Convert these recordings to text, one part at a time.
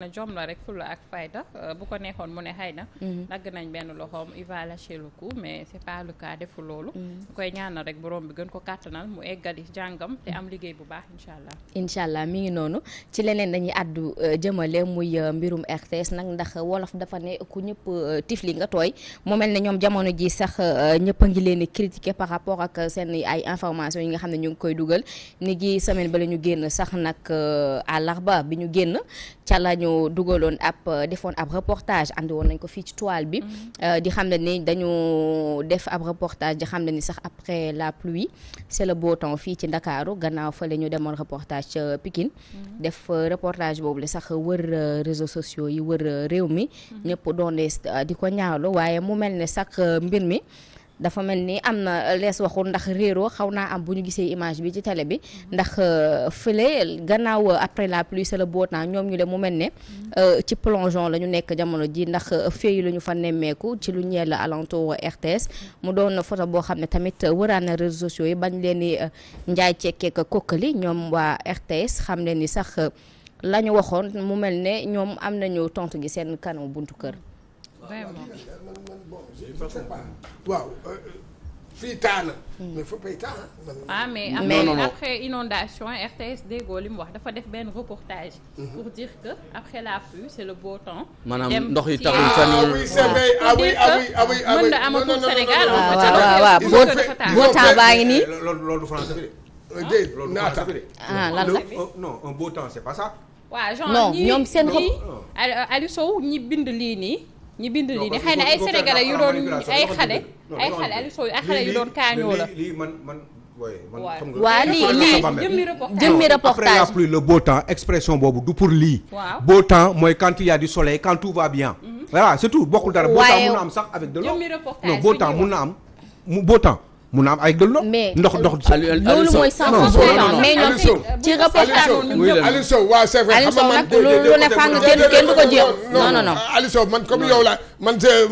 na jom la rek fulla ak fayda euh, bu ko neexoon mu ne xëy na mm-hmm. dagg nañ benn loxoom il va lâcher le coup mais c'est pas le cas defu loolu mm-hmm. koy ñaanal rek borom bi gën ko kàttanal mu eggali jàngam te am liggéey bu baax incha allah incha allah mi ngi noonu ci leneen dañuy àddu euh, jëmale muy euh, mbirum RTS nag ndax wolof dafa ne ku ñëpp tifli nga tooy mu mel ne ñoom jamono ji sax ñëpp ngi leen di critiquer par rapport ak seen ay information yi nga xam ne ñu ngi koy dugal ni gi semaine ba la ñu génn sax nag àllarba bi dañu dugaloon ab euh, defoon ab reportage andi woon nañ ko fii ci toile bi mhm. euh, di xam ne ni dañu def ab reportage di xam ne ni sax après la pluie c'est le beau fii ci Ndakaaru gannaaw fa la ñu demoon reportage ca Pikine mhm. def euh, reportage boobu la sax wër réseaux sociaux yi wër réew mi mhm. ñëpp doon di ko ñaawlu waaye mu mel ne sax mbir mi dafa mel ni am na lees waxul ndax réeroo xaw naa am bu ñu gisee image bi ci télé bi ndax euh, fële gannaaw euh, après la plus c'est le beau ñoom ñu le mu mel ne euh, ci plongeon la ñu nekk jamono ji ndax féey la ñu fa nemmeeku ci lu la alentour RTS mu doon photo boo xam ne tamit wëraan na réseaux sociaux yi bañ leen di njaay ko kokkali ñoom waa RTS xam ne ni sax la ñu waxoon mu mel ne ñoom am nañu tontu gi seen kanam buntu kër bon je ne sais pas waaw euh, fii taa na. mais fépp ay taa ah mais après, après inondation RTS déggoo li mu wax dafa def benn reportage. Mhm. pour dire que après la pluie c'est le beau temps. maanaam ndox yi taxul fan yii ah oui ah ah ah mën na amatul Sénégal. waaw beau beau temps baa ngi nii. Euh, loolu loolu français bi de. ah lan la euh, non un beau temps c'est pas ça. waaw genre ñii non ñoom seen. Aliou Sow ñi bind lii nii. ñi bind lii ne xëy na ay sénégalais yu doon ay xale ay xale yu doon kaañoo la lii lii lii jëmmi reportage après la pluie le beau temps expression boobu du pour lii waaw beau temps mooy quand il y a du soleil quand tout va bien mhm. voilà surtout bokkul dara beau temps mun na am sax avec de l'eau non mun na am beau temps mun am ay gëllo ndox ndox. Euh, loolu mooy cent pour cent mais ñoom ci reportage Aliou waaw c'est vrai xam man lu ne fàng kenn kenn du yow la man euh,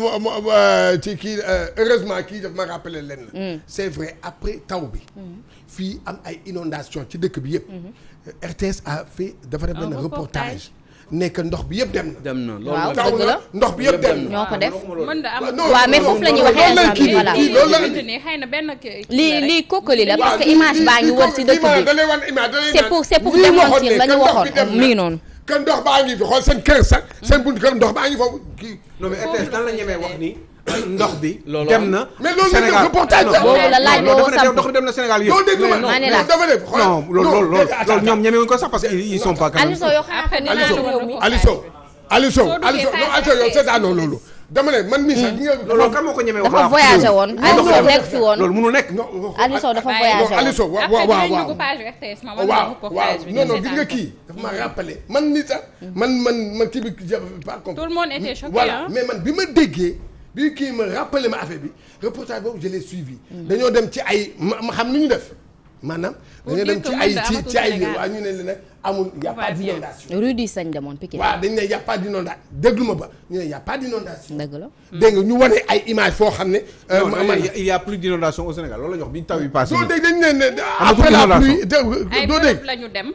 euh, ci kii heureusement kii daf ma rappelé lenn mm. c'est vrai après taw bi mm. fii am ay inondation ci dëkk bi yëpp mm-hmm. RTS a fait dafa reportage nekk ndox bi yëpp dem na. dem na loolu taw la ndox bi yëpp dem na. ñoo ko def am waaw mais foofu la ñuy waxee na voilà xëy na benn lii lii kokkali la parce que image baa ngi wër ci dëkk bi c'est pour c'est pour démentir la ñu waxoon mi ngi noonu. que ndox baa ngi fi sa seen kër sax. seen bunt kër ndox baa ngi foofu kii. la ñemee wax nii. ndox bi. dem na Sénégal loolu la laaj boobu sàmm ndox bi dem na Sénégal yëpp. ma ne la non loolu loolu loolu ñoom ñeme wuñ ko sax parce que ils sont pas. Aliou Sow yow xanaa ni naa Aliou Sow Aliou Sow yow c'est ça non loolu. dama hmm. dafa voyagé woon. Hmm. Aliou Sow nekk fi woon loolu mënul nekk. Aliou Sow dafa voyagé woon Aliou waaw waaw waaw waaw nga kii dafa ma rappelé man mii sax. man man man kii bi par contre. tout mais man bi ma déggee. bi kii ma rappelé ma affaire bi reportage boobu je suivi. dañoo dem ci ay ma xam ni ñu def. maanaam dañoo dem ci ay ci ci ay waa ñu ne la amul y' a pas d' inondation. rue du Sañ demoon Pikine. waaw dañ ne y' a pas d' inondation ma ba ñu ne y' a pas dëgg ñu wane ay foo xam ne. Euh, man il y' a plus d' inondation loolu la bi taw yi passé. doo dégg dañu ne ne après doo dégg dem.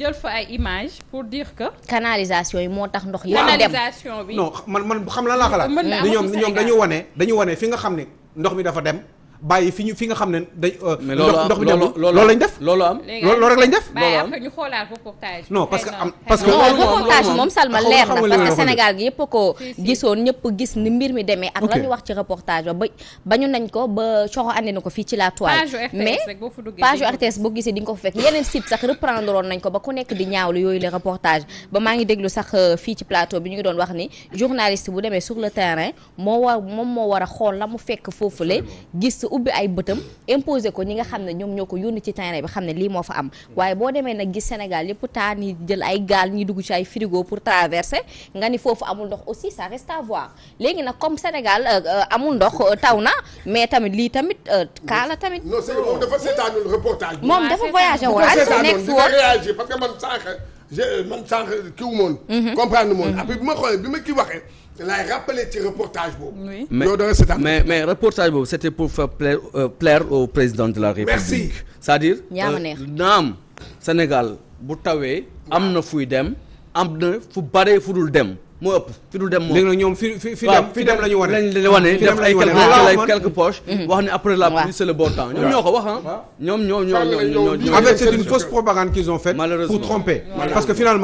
jël fa ay image pour dire que. canalisation yi moo tax ndox. yi dem canalisation bi non man man xam la laa xalaat. mën ñoom ñoom dañu wane dañu wane fi nga xam ne ndox mi dafa dem. bàyyi fi ñu fi nga xam ne dañ. Euh, ndox mi demul loolu lañ def. loolu am lañ def. loolu am ñu xoolaat reportage. non parce que am parce que. non moom Salma leer na parce que Sénégal gi yëpp ko gisoon ñëpp gis ni mbir mi demee. ak la wax ci reportage ba bañu nañ ko ba coxo ko fii ci la toile. mais page RTS boo gisee di nga ko fekk yeneen site sax reprendre woon nañ ko ba ku nekk di ñaawlu yooyu le reportage ba maa ngi déglu sax euh, fii ci plateau bi ñu ngi doon wax ni journaliste bu demee sur le terrain moo war moom moo war a xool la mu fekk foofule gis ubbi ay bëtam imposé ko ñi nga xam ne ñoom ñoo ko yónni ci terrain bi xam ne lii moo fa am waaye boo demee nag gis Sénégal yëpp taa ni jël ay gaal ñi dugg ci ay frigo pour traverser nga ni foofu amul ndox aussi sa reste à léegi nag comme Sénégal euh, euh, amul ndox euh, taw na mais tamit lii tamit kaala tamit non moom dafa seetaanul reportage woon ak mhm. mhm. bi ma xoolee bi ma kii waxee laay rappelé ci reportage boobu. oui mais mais mais reportage boobu c'était pour faire euh, plaire euh, au président de la République. merci c'est-à-dire. yaa ma euh, neex naam Sénégal bu tawee. am na fuy dem am na fu baree fu dul dem. moo ëpp fi dul dem moo léegi nag ñoom fi fi fi dem fi dem la ñu wane lañ wane def ay quelques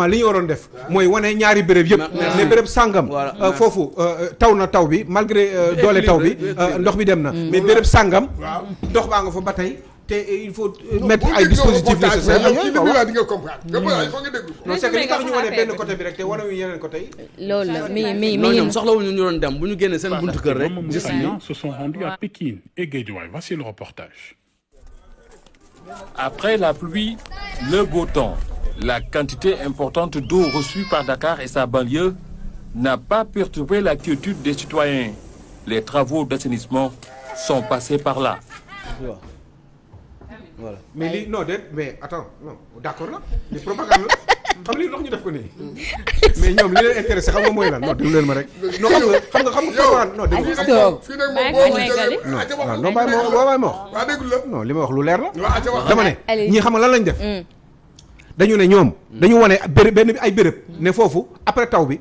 li ñu waroon def mooy wane ñaari béréb yëpp ne béréb sàngam euh, foofu euh, taw na taw bi malgré euh, doole taw bi ndox bi dem na mais béréb sàngam ndox baa nga fa ba tey te eh, il faut eh, mettre ay dispositifs nécessaires boo dégloo reportage di nga comprendre. reportage foo nga déglu ko. non c'est que li tax ñu wane benn côté bi rek te wane wu yeneen côté yi. loolu la mi mi mi ñoom soxlawuñu ñu doon dem bu ñu génnee seen buntu kër rek. gis nañu se sont rendus à Pékin et Guédiawaye voici le reportage. Après la pluie, le beau temps, la quantité importante d'eau reçue par Dakar et sa banlieue n'a pas perturbé la quiétude des citoyens. Les travaux d'assainissement sont passés par là. voilà mais lii non déet mais attends non d'accord la li propagande la xam lii ndox ñu def ko nii. mais ñoom li leen intéressé xam nga mooy lan non déglu leen ma rek. non xam nga xam nga xam nga propagande non la non li ma wax lu leer la. dama ne ñii xam nga la lañ def. Mm. dañu ne ñoom. dañu wane benn ay bërëb ne foofu après taw bi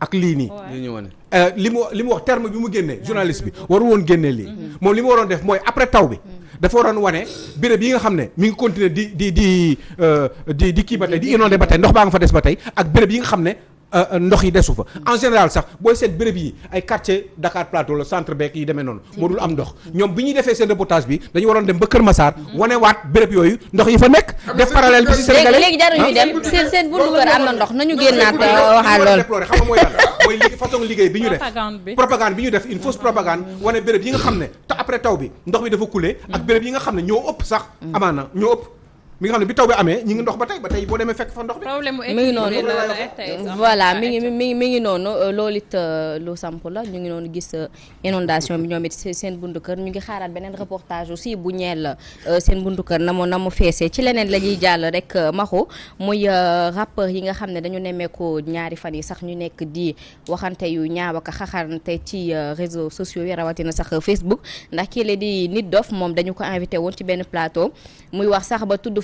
ak lii nii euh, li mu li mu wax terme bi mu génnee journaliste bi waru woon génnee lii mm-hmm. moom li mu waroon def mooy après taw bi mm-hmm. dafa waroon wane béréb yi nga xam ne mi ngi continuer di di di euh, di di kii ba tey di inondé ba tey ndox baa nga fa des ba tey ak béréb yi nga xam ne ndox yi desu fa en général sax booy seet bërëb yi ay quartier Dakar Plateau la centre beek yi demee noonu moo dul am ndox ñoom bi ñuy defee seen reportage bi dañu waroon dem ba Kër Massar wanewaat béréb yooyu ndox yi fa nekk def parallèle bi si sénégalais léegi jarul ñu dem seen seen buntu kër am na ndox nañu génnaat waxaat loolu déploré xam mooy liggéey bi ñu def propagande bi ñu def une fausse propagande wane béréb yi nga xam ne te après taw bi ndox bi dafa couler ak béréb yi nga xam ne ñoo ëpp sax amaana ñoo mi nga xam ne bi taw bi amee ñi ngi ndox ba tey boo demee fekk fa ndox bi. mu mi ngi noonu mi ngi mi ngi mi euh, loolu it euh, lu samp la ñu ngi noonu gis euh, inondation bi ñoom it seen buntu kër ñu ngi xaaraat beneen reportage aussi bu ñeel seen buntu kër na mu na mu feesee ci leneen la ñuy jàll rek maxu muy rappeur yi nga xam ne dañu nemmeeku ñaari fan yi sax ñu nekk di waxante yu ñaaw ak xaxarante ci réseaux sociaux yi rawatina sax Facebook ndax kii la di nit dof moom dañu ko invité woon ci benn plateau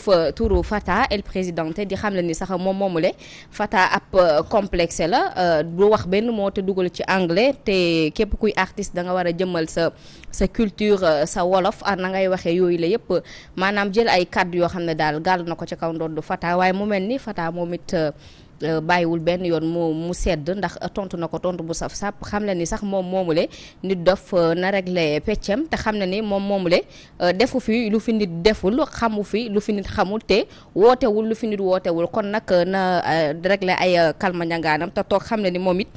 fa euh, turu Fata El Presidente di xam ni sax moom moomule Fata ab euh, complexe la bu euh, wax benn moo te dugal ci anglais te képp kuy artiste da nga war a jëmmal sa sa culture sa wolof ar na ngay waxee yooyu la yëpp maanaam jël ay kadd yoo xam ne daal gàll na ko ci kaw ndodd Fata waaye mu mel ni Fata moom it Euh, bàyyiwul benn yoon mu mu sedd ndax euh, tontu na ko tontu bu saf sapp xam na ni sax moom moomule nit dof euh, na réglé peccam te xam na ni moom moomule defu fi lu fi nit deful xamu fi lu fi xamul te wootewul lu fi nit wootewul kon nag na réglé ay kalma te toog xam na ni moom it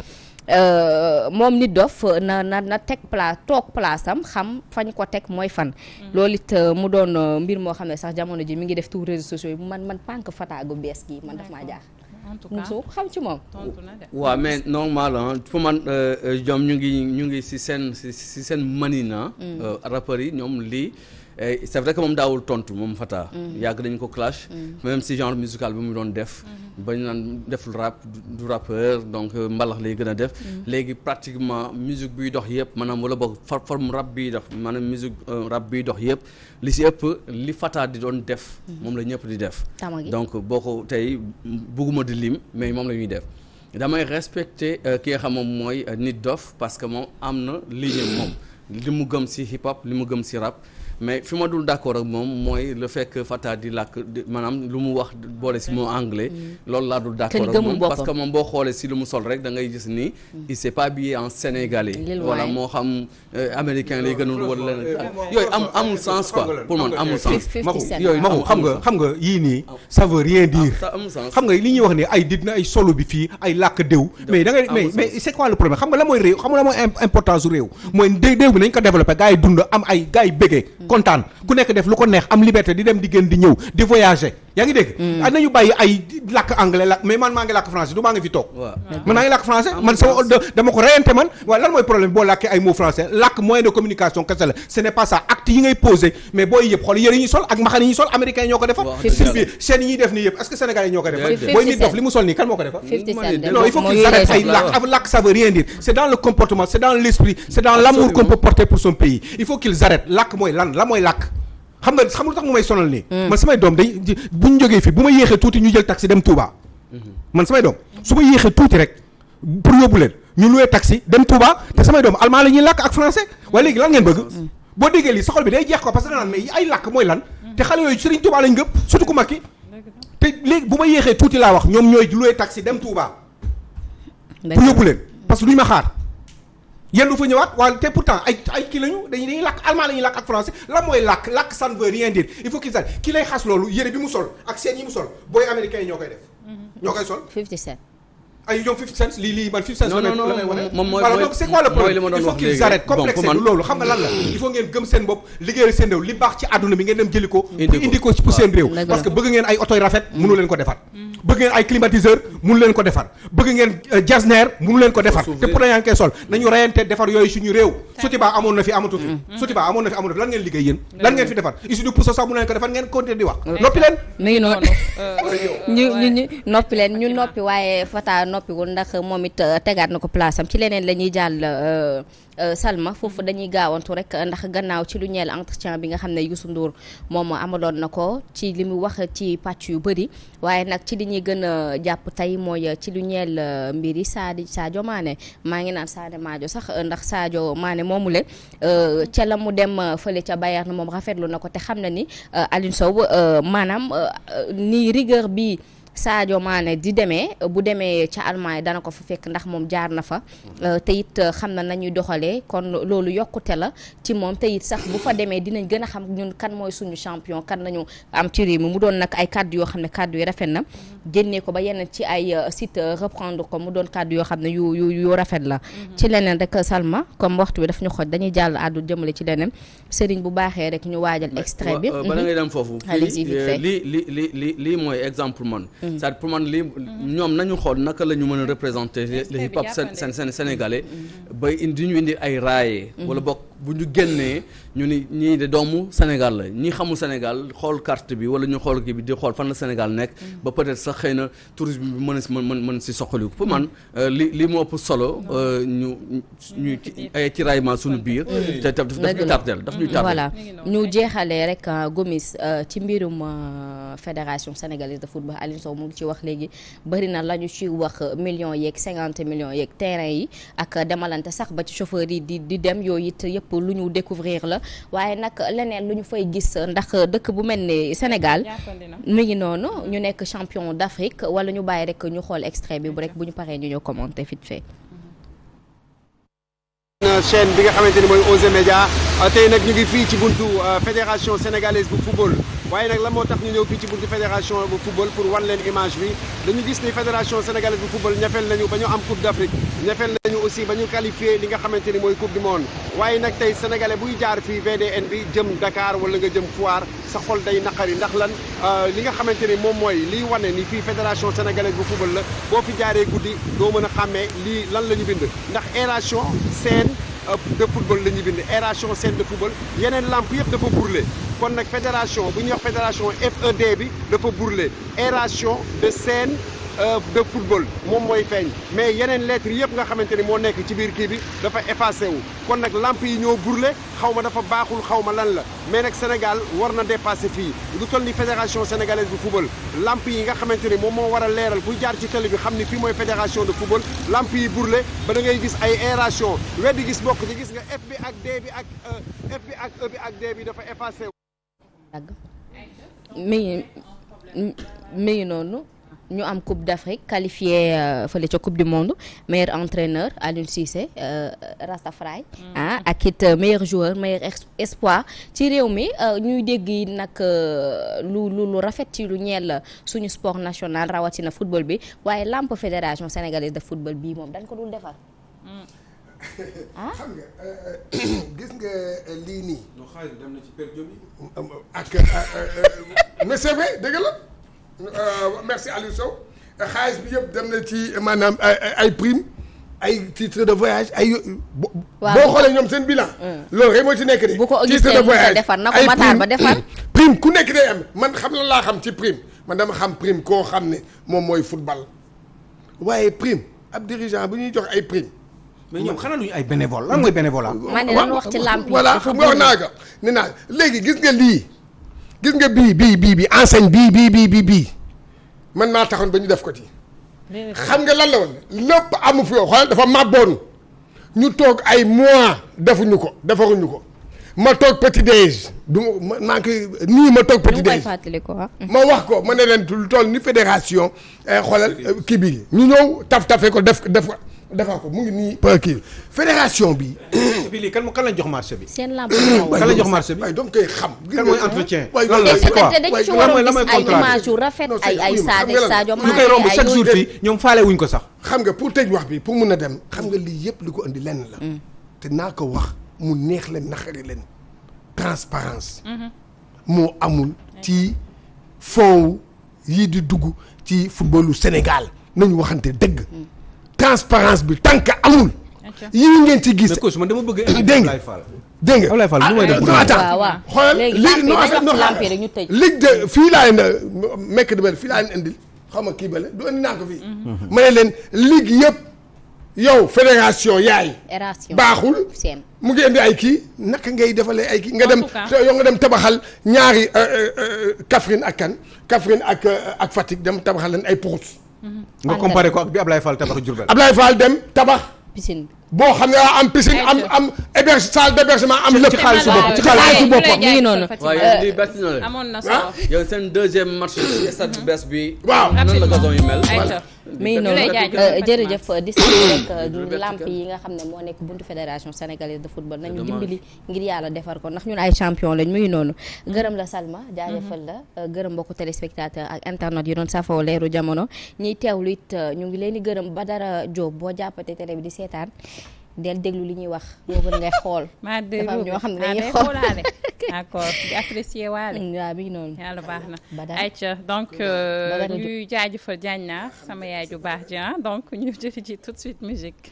Uh, moom nit dof na na teg place toog place am xam fañ ko teg mooy fan. Mm. loolu it mu doon uh, mbir moo xam ne sax jamono ji mu ngi def tout réseaux sociaux yi man man pànk fataagu bees gi man daf maa jaax en tout cas Moussa xam ci moom. tontu mais normal ah fu man euh, euh, ñu ngi ñu ngi si seen si si seen manina. Mm. Euh, rappeurs yi ñoom lii. c' est vrai que moom daawul tontu moom Fata. Mm. yàgg dañu ko clash. Mm. même si genre musical bi mu doon def. Mm-hmm. bañ naan deful rap du rappeur donc euh, mbalax lay gën a def. Mm. léegi pratiquement musique biy dox yëpp maanaam wala boog forme rap biy dox maanaam musique euh, rap biy dox yëpp li si ëpp li Fata di doon def. Mm. moom la ñëpp di def. donc boo ko tey bugguma di lim mais moom la ñuy def. damay respecté euh, ki nga moom mooy nit dof parce que moom am na ligne moom li mu gëm si hip hop li mu gëm si rap. mais fi ma dul d'accord ak moom mooy lu fekk que Fata di làkk maanaam lu mu wax boole si moo anglais mm. loolu laa dul d'accord ak moom parce que moom boo xoolee si lu mu sol rek da ngay gis ni mm. il s'est pas habillé en sénégalais wala moo xam euh, américain lay gënul la leneen yooyu am amul sens quoi pour man amul sens yooyu maxu xam nga xam nga yii nii ça veut rien ah, dire xam nga li ñuy wax nii ay dit ay solo bi fii ay làkk déw mais da ngay mais mais c'est quoi le problème xam nga la mooy réew xam nga la mooy importance su réew mooy déw bi nañ ko développé gars yi am ay gars yi bëggee mm. kontaan ku nekk def lu ko neex am liberté di dem di gën di ñëw di voyager yaa ngi dégg. Mm. Ah, nañu bàyyi ay làkk anglais làkk mais man maa ngi làkk français man maa ngi ah, dama ko reyante man waaye lan mooy problème boo làkkee ay mots français làkk moyen de communication kese la ce n'est pas ça acte yi ngay posé mais booy yëpp xool yëre yi sol ak mbaxane yi sol américain yi ñoo ko defar. waaw yi ñoo ko defar. booy nit dof li mu sol nii kan moo ko defar. non il faut que s'arrête làkk làkk ça c'est dans le comportement c'est dans l'esprit c'est dans l'amour qu'on pour son pays mooy lan xam nga xam lu tax mu may sonal nii. Hmm. man samay doom dañ bu ñu jógee fii bu ma yéexee tuuti ñu jël taxi dem Touba. Hmm. man samay doom su ma yéexee tuuti rek pour yóbbu leen ñu loué taxi dem Touba te samay doom allemand la ñuy làkk ak français waaye léegi lan ngeen bëgg. Hmm. boo déggee li soxol bi day jeex ko parce que danaan mais ay làkk mooy lan te xale yooyu Serigne Touba lañ gëpp surtout ku mag ki te léegi bu ma yéexee tuuti laa wax ñoom ñooy loué taxi dem Touba. pour yóbbu leen parce que duñ ma xaar yéen du fa ñëwaat waaye te pourtant ay ay kii lañu dañuy dañuy làkk allemand la ñuy làkk ak français lan mooy làkk làkk ça ne veut il faut qu'ils sachent ki lay xas loolu yére bi mu sol ak seen yi mu sol booy américain yi ñoo koy def. Mhm. ñoo koy sol. 57 ay loolu xam nga lan la. Hmm. il faut ngeen gëm seen bopp liggéeyal seen réew li baax ci àdduna bi ngeen dem jëli ko. indi ko seen réew. parce que bëgg ngeen ay oto rafet hmm. mënu leen ko defar. Hmm. bëgg ngeen ay climatiseur mënu leen ko defar bëgg ngeen euh, jasneer mënu leen ko defar te pourtant yaa ngi koy sol nañu reyante defar yooyu suñu réew Sotiba amoon na fi amatu fi Sotiba amoon na fi amatu fi lan ngeen liggéey yéen lan ngeen fi defar issue du pousse sax mënu leen ko defar noppiwul ndax moom it euh, tegaat na ko place am ci leneen la ñuy jàll euh, euh, Salma foofu dañuy gaawantu rek ndax gannaaw ci lu ñeel entretien bi nga xam ne Youssou Ndour moom amaloon na ko ci li mu wax ci pàcc yu bëri waaye nag ci li ñuy gën a jàpp tey mooy ci lu ñeel mbiri Sadio Sadio maane maa ngi naan Sadio Maajo sax ndax Sadio Mané moomu le ca la mu dem fële ca Bayern moom rafetlu na ko te xam na ni Aliou Sow maanaam ni bi Sadio Mané di demee bu demee ca yi dana ko fa fekk ndax moom jaar na fa mm. euh, te it euh, xam na nañuy doxalee kon loolu yokkute la ci moom te it sax bu fa demee dinañ gën a xam ñun kan mooy suñu champion kan nañu am ci réew mu doon nag ay kadd yoo xam ne kàddu yi rafet na mm-hmm. génnee ko ba yeneen ci ay euh, sit reprendre ko mu doon kadd yoo xam ne yu yu yu rafet la mm-hmm. ci leneen rek Salma comme waxtu wi daf ñu xooj dañuy jàll àddu jëmale ci leneen Serigne bu baaxee rek ñu waajal extrait bi mm-hmm. foofu allez-y vite li li exemple man Mm. c'est-à-dire man lii ñoom nañu xool naka la ñu mën a représenter le hip hop seen seen sénégalais mm-hmm. ba indi ñu indi ay raaye mm-hmm. wala bokk bu ñu génnee ñu ni ñii de doomu Sénégal la ñi xamul Sénégal xool carte bi wala ñu xool kii bi di xool fan la Sénégal nekk. Mm. ba peut-être sax xëy na tourisme bi mën si mën mën si soxaliku. pour man mm. euh, li li moo ëpp solo. Mm. Euh, ñu ñu ay tiraillement suñu biir. te daf ñuy tardel daf ñuy tardel. voilà ñu jeexalee rek euh, Gomis ci mbirum fédération sénégalaise de football Aliou Sow mu ngi ci wax léegi bëri na la ñu ci wax millions yeeg cinquante millions yeeg terrain yi ak demalante sax ba ci chauffeur yi di di dem yooyu it yëpp. lépp lu ñu découvrir la waaye nag leneen lu ñu fay gis ndax dëkk bu mel ni Sénégal mu ngi noonu ñu nekk champion d'Afrique wala ñu bàyyi rek ñu xool extrait bi bu rek bu ñu paree ñu ñoo commenté vite fait Euh, tey nag ñu ngi fii ci buntu euh, fédération sénégalaise bu football waaye nag la moo tax ñu ñëw fii ci buntu fédération bu football pour wan leen image bi dañu gis ni fédération sénégalaise bu football ñafeel nañu ba ñu am coupe d' afrique ñafeel nañu aussi ba ñu qualifié li nga xamante ni mooy coupe du monde waaye nag tey sénégalais buy jaar fii VDN bi jëm Dakar wala nga jëm Foire sa xol day naqari ndax lan euh, li nga xamante ni moom mooy liy wane ni fii fédération sénégalaise bu football la boo fi jaaree guddi doo mën a xàmmee lii lan la ñu bind ndax aération seen de football la ñuy bind aération scène de football yeneen lamp yëpp dafa brûlé kon nag fédération bu ñuy wax fédération FED bi dafa brûlé ération de scène Euh, de football moom mooy feeñ mais yeneen lettres yëpp nga xamante ni moo nekk ci biir kii bi dafa effacé wu kon nag lamp yi ñoo burle xaw ma dafa baaxul xaw ma lan la mais nag Sénégal war na dépassé fii lu toll ni fédération sénégalaise de football lamp yi nga xamante ni moom moo war a leeral kuy jaar ci télé bi xam ni fii mooy fédération de football lamp yi burle ba da ngay gis ay aération weddi gis bokk ci gis nga F bi ak D bi ak euh, F bi ak e bi ak D bi dafa effacé wu. mais noonu. ñu am coupe d'Afrique qualifié euh, fële ca coupe du monde meilleur entraîneur Aliou Cissé euh, Rastafari mm. ah ak it euh, meilleur joueur meilleur espoir ci réew mi ñuy dégg nag lu lu lu rafet ci lu ñeel suñu sport national rawatina football bi waaye lamp fédération sénégalaise de football bii moom dañ ko dul defar. Mm. Ah? Euh, merci Aliou Sow xaalis bi yëpp dem na ci maanaam ay prime ay titre de voyage ay. waaw boo xoolee ñoom seen bilan. Mm. loolu rek moo ci nekk de. bu ko titre de voyage defar na ko Matar ba defar. prime ku nekk day am man xam la laa xam ci prime man dama xam prime koo xam ne moom mooy football waaye prime ab dirigeant bu ñuy jox ay prime. mais ñoom xanaa duñu ay bénévole lan mooy bénévole. man de wax ci làmp yi voilà xam naa ko nee naa léegi gis nga lii. gis nga bii bii bii bii enseigne bii bii bii bii bii man maa taxoon ba ñu def ko ci. xam nga lan la woon lépp amu fi yoo xoolal dafa màbboon ñu toog ay mois defuñu ko defaruñu ko ma toog petit déj du ma maa ngi nii ma toog petit déj ah. ma wax ko ma ne leen lu toll ni fédération eh, xoolal eh, kii bi ñu ñëw taf tafe ko def def defar ko mu ngi nii kii fédération bi marché bi lii kan kan lañ jox marché la ah, quoi dañ ci waroon gis ay image yu rafet ay ay Sadio Sadio Mané koy romb chaque jour fii ñoom faale wuñ ko sax. xam nga pour tëj wax bi pour mun a dem xam nga lii yëpp li ko andi lenn la. Mm. te naa ko wax mu neex leen naxari leen transparence mm-hmm. moo amul ci fond yii di dugg ci footballu Sénégal nañu waxante dëgg. Mm. transparence bi tant que amul. yi ngeen ci gis. mais dama bëgg dégg nga dégg nga. Ablaye Fall nu may def ah, bu xoolal léegi non en fait non ligue de fii laa leen mekk di fii leen indil xaw ma kii bële du indi naa ko fii. Mhm. ma ne leen ligue yëpp yow fédération yaay. baaxul mu ngi indi ay kii naka ngay defalee ay kii nga dem yow nga dem tabaxal ñaari euh, euh, euh, Kaffrine ak kan Kaffrine ak ak Fatick dem tabaxal leen ay puxut. Mhm. nga comparé ko ak bi Ablaye Fall tabax Diourbel. Ablaye Fall dem tabax. piscine boo xam ne am piscine am am héberge salle d'hébergement am lépp. ci xaalisu boppam ci xaalisu boppam mi noonu. waaw yow na la ah? seen deuxième match ci stade ngi noonu euh, jërëjëf di sant rek euh, lamp yi nga xam ne moo nekk buntu fédération sénégalaise de football nañu dimbali ngir yàlla defar ko ndax ñun ay champion lañ mi noonu. Mm-hmm. gërëm la Salma jaajëfal la mm-hmm. euh, gërëm mbokku téléspectateur ak internet yi doon safoo leeru jamono teew lu it ñu ngi leen di gërëm dara Diop boo jàppatee télé bi di seetaan del déglu li ñuy wax boo gën ngay xool. maa déglu dafa am ñoo xam ne dañuy ah, xool d'accord di apprécier waale. Mm, waaw bi noonu yàlla baax na. ayca donc euh, ñuy jaajëfal jaañ naa sama yaay ju baax ji ah, donc ñu jëli ji tout de suite musique.